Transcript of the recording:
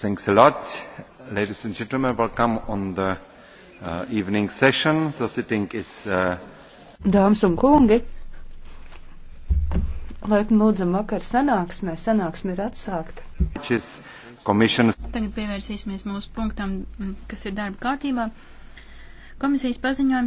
Thanks a lot. Ladies and gentlemen, welcome on the uh, evening session. The sitting is. Uh... Dāmas un kungi, laipni lūdzam vakar sanāksmē. Sanāksme ir atsākta. Šis komisijas. Tagad pievērsīsimies mūsu punktam, mm, kas ir darba kārtībā. Komisijas paziņojums.